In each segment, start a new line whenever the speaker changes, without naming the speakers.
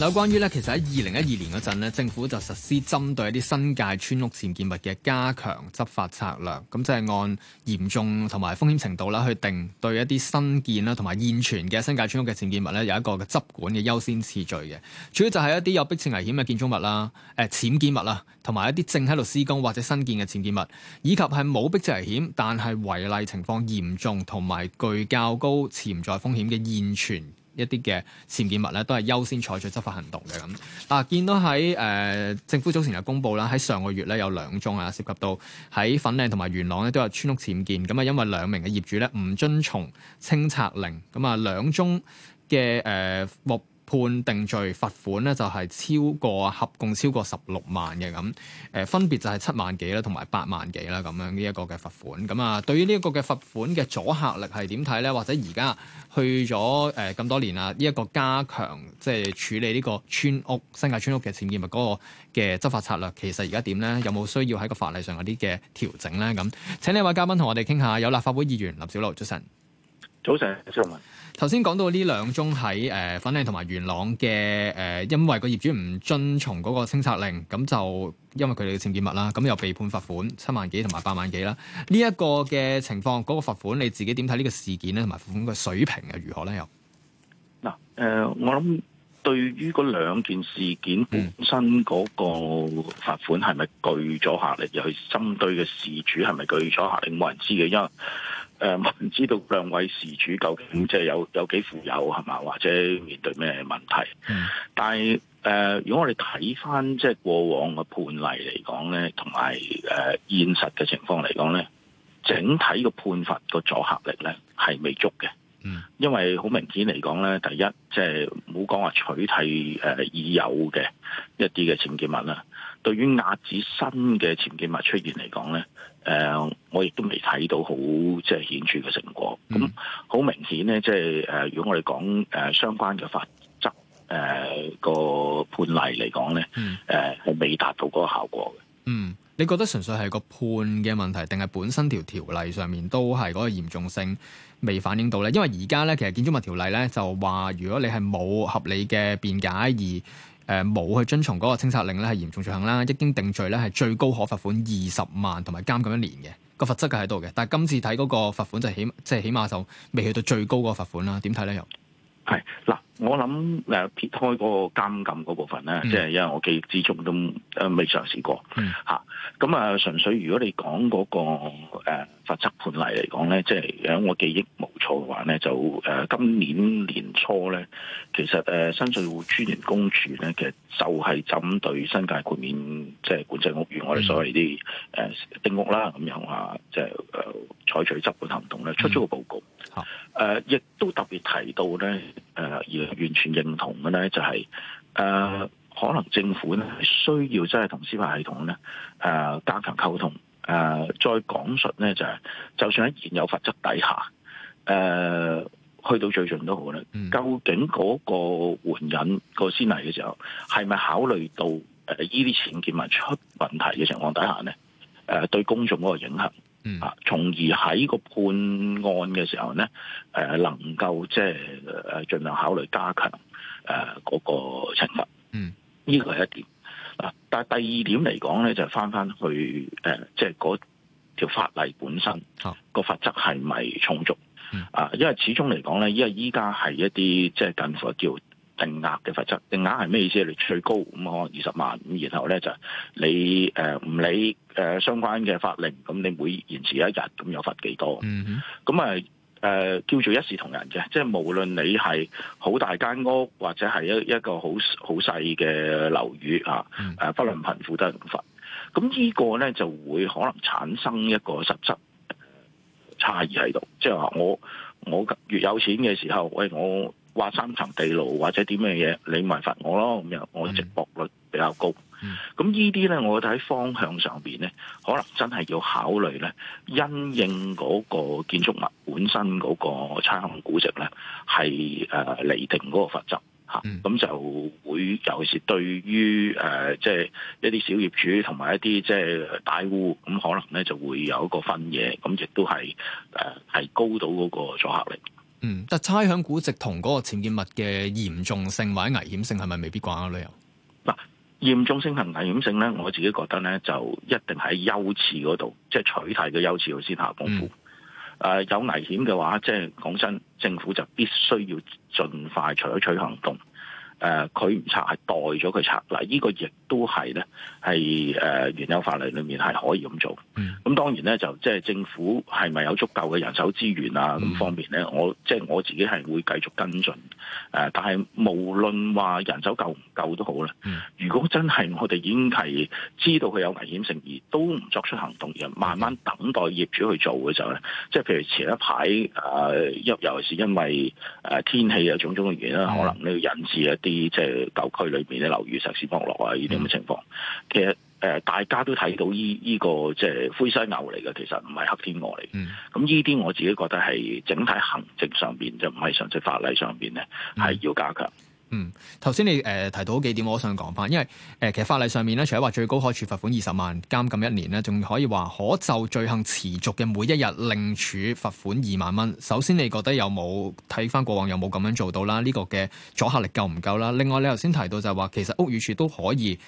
有關於咧，其實喺二零一二年嗰陣咧，政府就實施針對一啲新界村屋僭建物嘅加強執法策略，咁即係按嚴重同埋風險程度啦，去定對一啲新建啦同埋現存嘅新界村屋嘅僭建物咧，有一個執管嘅優先次序嘅。主要就係一啲有迫切危險嘅建築物啦、誒、呃、僭建物啦，同埋一啲正喺度施工或者新建嘅僭建物，以及係冇迫切危險但係違例情況嚴重同埋具較高潛在風險嘅現存，一啲嘅僭建物咧，都係優先採取執法行動嘅咁。啊，見到喺誒、呃、政府早前就公布啦，喺上個月咧有兩宗啊，涉及到喺粉嶺同埋元朗咧都有村屋僭建，咁、嗯、啊，因為兩名嘅業主咧唔遵從清拆令，咁、嗯、啊、嗯、兩宗嘅誒目。呃判定罪罰款咧就係超過合共超過十六萬嘅咁，誒、呃、分別就係七萬幾啦，同埋八萬幾啦咁樣呢一、這個嘅罰款。咁啊、呃，對於呢一個嘅罰款嘅阻嚇力係點睇咧？或者而家去咗誒咁多年啦，呢、這、一個加強即係處理呢個村屋、新界村屋嘅僭建物嗰個嘅執法策略，其實而家點咧？有冇需要喺個法例上有啲嘅調整咧？咁請呢位嘉賓同我哋傾下。有立法會議員林筱魯，早晨。早晨，朱文。頭先講到呢兩宗喺誒粉嶺同埋元朗嘅誒、呃，因為個業主唔遵從嗰個清拆令，咁就因為佢哋嘅僭建物啦，咁又被判罰款七萬幾同埋八萬幾啦。呢、這、一個嘅情況，嗰、那個罰款你自己點睇呢個事件咧，同埋罰款嘅水平係如何咧？又嗱，
誒，我諗對於嗰兩件事件本身嗰個罰款係咪具阻嚇力，又去針對嘅事主係咪具阻嚇力，冇人知嘅，因為。誒，唔知道兩位事主究竟即係有有，有幾富有係嘛，或者面對咩問題？但係，誒、呃，如果我哋睇返即係過往嘅判例嚟講咧，同埋誒現實嘅情況嚟講咧，整體個判罰個阻嚇力咧係未足嘅。嗯，因為好明顯嚟講咧，第一即係唔好講話取締誒、呃、已有嘅一啲嘅僭建物啦。對於遏止新嘅僭建物出現嚟講咧，誒、呃，我亦都未睇到好即係顯著嘅成果。咁好明顯咧，即係誒，如果我哋講誒相關嘅法則誒、呃嗰個判例嚟講咧，誒、呃、係未達到嗰個效果嘅。
嗯，你覺得純粹係個判嘅問題，定係本身條條例上面都係嗰個嚴重性未反映到咧？因為而家咧，其實建築物條例咧就話，如果你係冇合理嘅辯解而誒冇去遵從嗰個清拆令咧，係嚴重罪行啦！一經定罪咧，係最高可罰款二十萬同埋監禁一年嘅個罰則係喺度嘅。但係今次睇嗰個罰款就係起，即、就、係、是、起碼就未去到最高個罰款啦。點睇咧？又
係嗱，我諗誒撇開嗰個監禁嗰部分咧，即係、嗯、因為我記憶之中都誒未嘗試過嚇。咁、嗯、啊，純粹如果你講嗰、那個誒罰、呃、則判例嚟講咧，即、就、係、是、我記憶。嘅話咧，就誒、呃、今年年初咧，其實誒、呃、申訴專員公署咧，其實就係針對新界豁免即係、就是、管制屋苑，我哋所謂啲誒丁屋啦，咁樣話即係誒採取執法行動咧，出咗個報告。誒、呃、亦都特別提到咧，誒、呃、而完全認同嘅咧，就係、是、誒、呃、可能政府咧需要真係同司法系統咧誒加強溝通誒、呃，再講述咧就係、是，就算喺現有罰則底下，誒、嗯、去到最盡都好咧，究竟嗰個援引、那個先例嘅時候，係咪考慮到誒依啲僭建物出問題嘅情況底下咧？誒、呃、對公眾嗰個影響啊，從而喺個判案嘅時候咧，誒、呃、能夠即係誒儘量考慮加強誒嗰、呃那個懲罰。嗯，依個係一點。啊，但係第二點嚟講咧，就返、是、返去誒，即係嗰條法例本身、啊、個罰則係咪充足？啊，因為始終嚟講咧，依家依家係一啲即係近乎叫定額嘅罰則，定額係咩意思？你最高咁可能二十萬，咁然後咧就是、你誒唔、呃、理誒相關嘅法令，咁你每延遲一日，咁有罰幾多？咁啊誒，叫做一視同仁嘅，即係無論你係好大間屋，或者係一一個好好細嘅樓宇吓，誒、mm hmm. 啊、不論貧富都係罰。咁呢個咧就會可能產生一個實質。差異喺度，即係話我我越有錢嘅時候，喂，我挖三層地牢或者啲咩嘢，你咪罰我咯咁樣，我值博率比較高。咁呢啲咧，hmm. 我睇方向上邊咧，可能真係要考慮咧，因應嗰個建築物本身嗰個參考估值咧，係誒釐定嗰個罰則。吓，咁就會尤其是對於誒，即、呃、係、就是、一啲小業主同埋一啲即係大戶，咁可能咧就會有一個分野，咁亦都係誒係高到嗰個阻嚇力。嗯，
但差餉估值同嗰個僭建物嘅嚴重性或者危險性係咪未必掛鈎咧？又
嗱、呃，嚴重性同危險性咧，我自己覺得咧，就一定喺優次嗰度，即、就、係、是、取締嘅優次度先下功夫。嗯。誒、呃、有危險嘅話，即係講真，政府就必須要盡快採取行動。誒佢唔拆係代咗佢拆嗱，依、這個亦都係咧係誒原有法例裏面係可以咁做。咁、嗯、當然咧就即係、就是、政府係咪有足夠嘅人手資源啊？咁方面咧，我即係、就是、我自己係會繼續跟進。誒、呃，但係無論話人手夠唔夠都好咧。嗯、如果真係我哋已經係知道佢有危險性而都唔作出行動，而慢慢等待業主去做嘅時候咧，即、就、係、是、譬如前一排誒因，尤其是因為誒天氣有、啊、種種嘅原因的可能呢個引致啊。啲即係舊區裏邊咧樓宇石屎剝落啊，呢啲咁嘅情況，其實誒大家都睇到依依個即係灰犀牛嚟嘅，其實唔係黑天鵝嚟嘅。咁呢啲我自己覺得係整體行政上邊就唔係純粹法例上邊咧，係要加強。
嗯，頭先你誒、呃、提到幾點，我想講翻，因為誒、呃、其實法例上面咧，除咗話最高可處罰款二十萬、監禁一年咧，仲可以話可就罪行持續嘅每一日，另處罰款二萬蚊。首先，你覺得有冇睇翻過往有冇咁樣做到啦？呢個嘅阻嚇力夠唔夠啦？另外，你頭先提到就係話其實屋宇署都可以誒、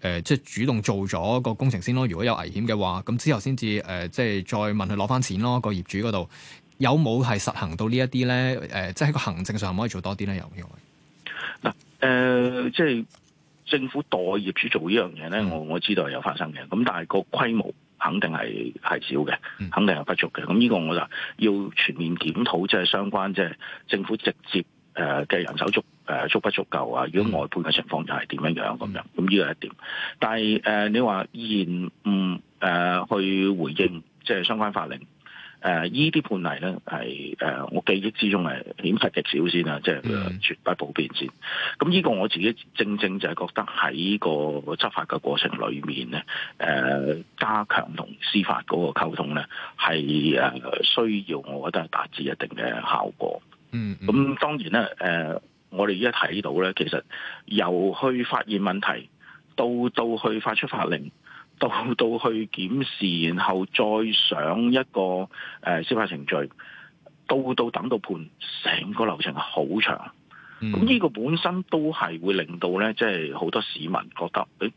呃，即係主動做咗個工程先咯。如果有危險嘅話，咁之後先至誒，即係再問佢攞翻錢咯。個業主嗰度有冇係實行到呢一啲咧？誒、呃，即係喺個行政上可以做多啲咧？有呢個。
嗱，誒、呃，即、就、係、是、政府代業主做呢樣嘢咧，我我知道有發生嘅，咁但係個規模肯定係係少嘅，肯定係不足嘅。咁呢個我就要全面檢討，即係相關即係政府直接誒嘅人手足誒足不足夠啊？如果外判嘅情況又係點樣樣咁樣？咁呢個係一點。但係誒、呃，你話依然唔誒去回應即係相關法令。誒依啲判例咧係誒我記憶之中係顯實極少先啊，即係絕不普遍先。咁、嗯、呢個我自己正正就係覺得喺個執法嘅過程裏面咧，誒、呃、加強同司法嗰個溝通咧，係誒、呃、需要我覺得達至一定嘅效果。嗯，咁、嗯、當然啦，誒、呃、我哋而家睇到咧，其實由去發現問題到到去發出法令。到到去檢視，然後再上一個誒、呃、司法程序，到到等到判，成個流程好長。咁呢、嗯、個本身都係會令到咧，即係好多市民覺得你，哎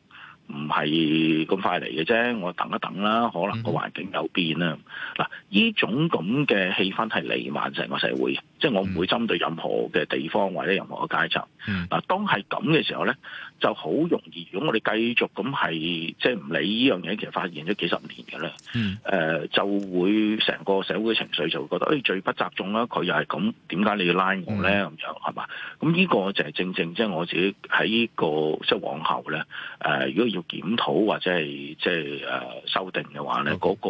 唔係咁快嚟嘅啫，我等一等啦，可能個環境有變啦。嗱，呢種咁嘅氣氛係瀰漫成個社會，嗯、即係我唔會針對任何嘅地方或者任何嘅階層。嗱、嗯，當係咁嘅時候咧，就好容易。如果我哋繼續咁係即係唔理呢樣嘢，其實發現咗幾十年嘅咧，誒、嗯呃、就會成個社會嘅情緒就會覺得誒、哎、最不集中啦，佢又係咁，點解你要拉我咧？咁、嗯、樣係嘛？咁呢個就係正正即係我自己喺呢、這個即係往後咧誒、呃，如果。要檢討或者係即係誒修訂嘅話咧，嗰個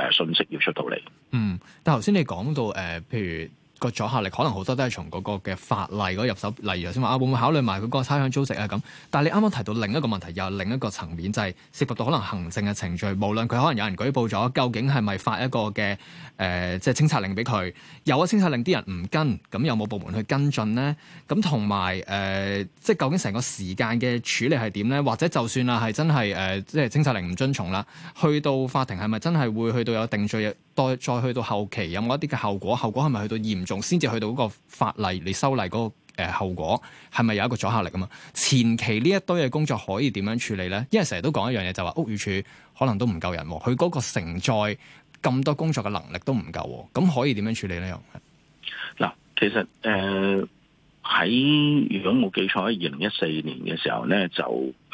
，Okay，誒信息要出到嚟。
嗯，但係頭先你講到誒、呃，譬如。個阻嚇力可能好多都係從嗰個嘅法例嗰入手，例如頭先話啊，會唔會考慮埋佢嗰個差餉租值啊咁？但係你啱啱提到另一個問題，又另一個層面，就係涉及到可能行政嘅程序，無論佢可能有人舉報咗，究竟係咪發一個嘅誒，即係清拆令俾佢，有咗清拆令，啲人唔跟，咁有冇部門去跟進咧？咁同埋誒，即係究竟成個時間嘅處理係點咧？或者就算啦，係真係誒，即係清拆令唔遵從啦，去到法庭係咪真係會去到有定罪？再再去到後期有冇一啲嘅後果？後果係咪去到嚴重先至去到嗰個法例？你修例嗰、嗰個誒、呃、後果係咪有一個阻嚇力吖嘛？前期呢一堆嘅工作可以點樣處理咧？因為成日都講一樣嘢，就話屋宇署可能都唔夠人，佢嗰個承載咁多工作嘅能力都唔夠，咁可以點樣處理咧？又
嗱，其實誒喺、呃、如果冇記錯喺二零一四年嘅時候咧，就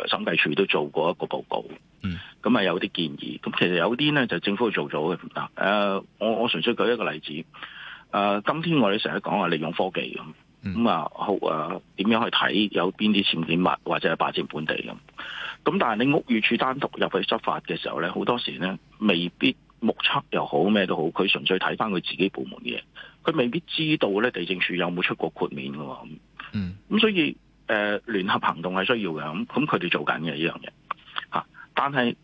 審計署都做過一個報告。咁啊、嗯、有啲建議，咁其實有啲咧就政府做咗嘅。嗱，誒，我我純粹舉一個例子。誒、呃，今天我哋成日講話，利用科技咁，咁啊好啊，點、呃、樣去睇有邊啲僭建物或者係霸佔本地咁。咁但係你屋宇處單獨入去執法嘅時候咧，好多時咧未必目測又好咩都好，佢純粹睇翻佢自己部門嘅嘢，佢未必知道咧地政署有冇出過豁免噶。嗯，咁所以誒聯、呃、合行動係需要嘅。咁咁佢哋做緊嘅呢樣嘢。但係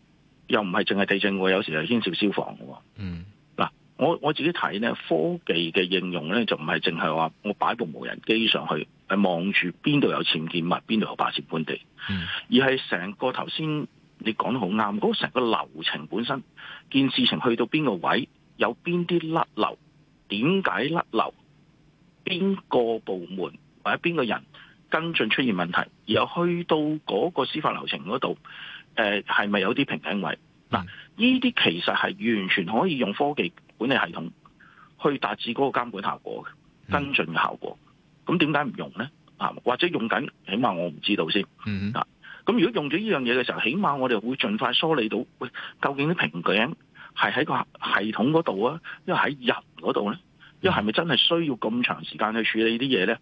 又唔係淨係地震，我有時係牽涉消防嘅。嗯，嗱，我我自己睇呢科技嘅應用呢，就唔係淨係話我擺部無人機上去，係望住邊度有僭建物，邊度有霸佔本地，嗯、而係成個頭先你講得好啱，嗰成個流程本身，件事情去到邊個位，有邊啲甩漏，點解甩漏，邊個部門或者邊個人跟進出現問題，而去到嗰個司法流程嗰度。誒，係咪、呃、有啲瓶頸位？嗱，依啲其實係完全可以用科技管理系統去達至嗰個監管效果嘅跟進嘅效果。咁點解唔用咧？啊，或者用緊？起碼我唔知道先。嗯。啊，咁如果用咗呢樣嘢嘅時候，起碼我哋會盡快梳理到喂，究竟啲瓶頸係喺個系統嗰度啊，因為喺人嗰度咧，因為係咪真係需要咁長時間去處理啲嘢咧？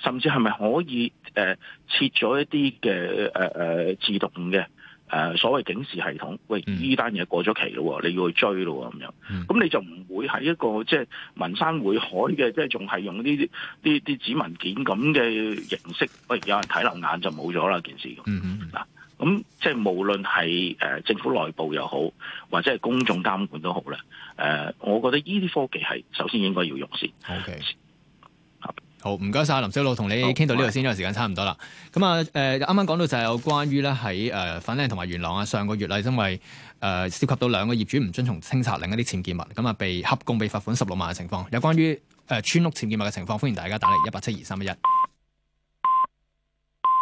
甚至係咪可以誒設咗一啲嘅誒誒自動嘅誒、呃、所謂警示系統？喂，呢單嘢過咗期咯，你要去追咯咁樣。咁、嗯嗯、你就唔會喺一個即係文山會海嘅，即係仲係用呢啲啲啲紙文件咁嘅形式。喂，有人睇漏眼就冇咗啦，件事。嗱、嗯，咁、嗯、即係無論係誒政府內部又好，或者係公眾監管都好咧。誒、呃，我覺得呢啲科技係首先應該要用先。
好，唔該晒。林筱魯，同你傾到呢度先，因、這、為、個、時間差唔多啦。咁啊，誒啱啱講到就係有關於咧喺誒粉嶺同埋元朗啊，上個月啦，因為誒涉及到兩個業主唔遵從清拆令一啲僭建物，咁、呃、啊被合共被罰款十六萬嘅情況。有關於誒、呃、村屋僭建物嘅情況，歡迎大家打嚟一八七二三一一。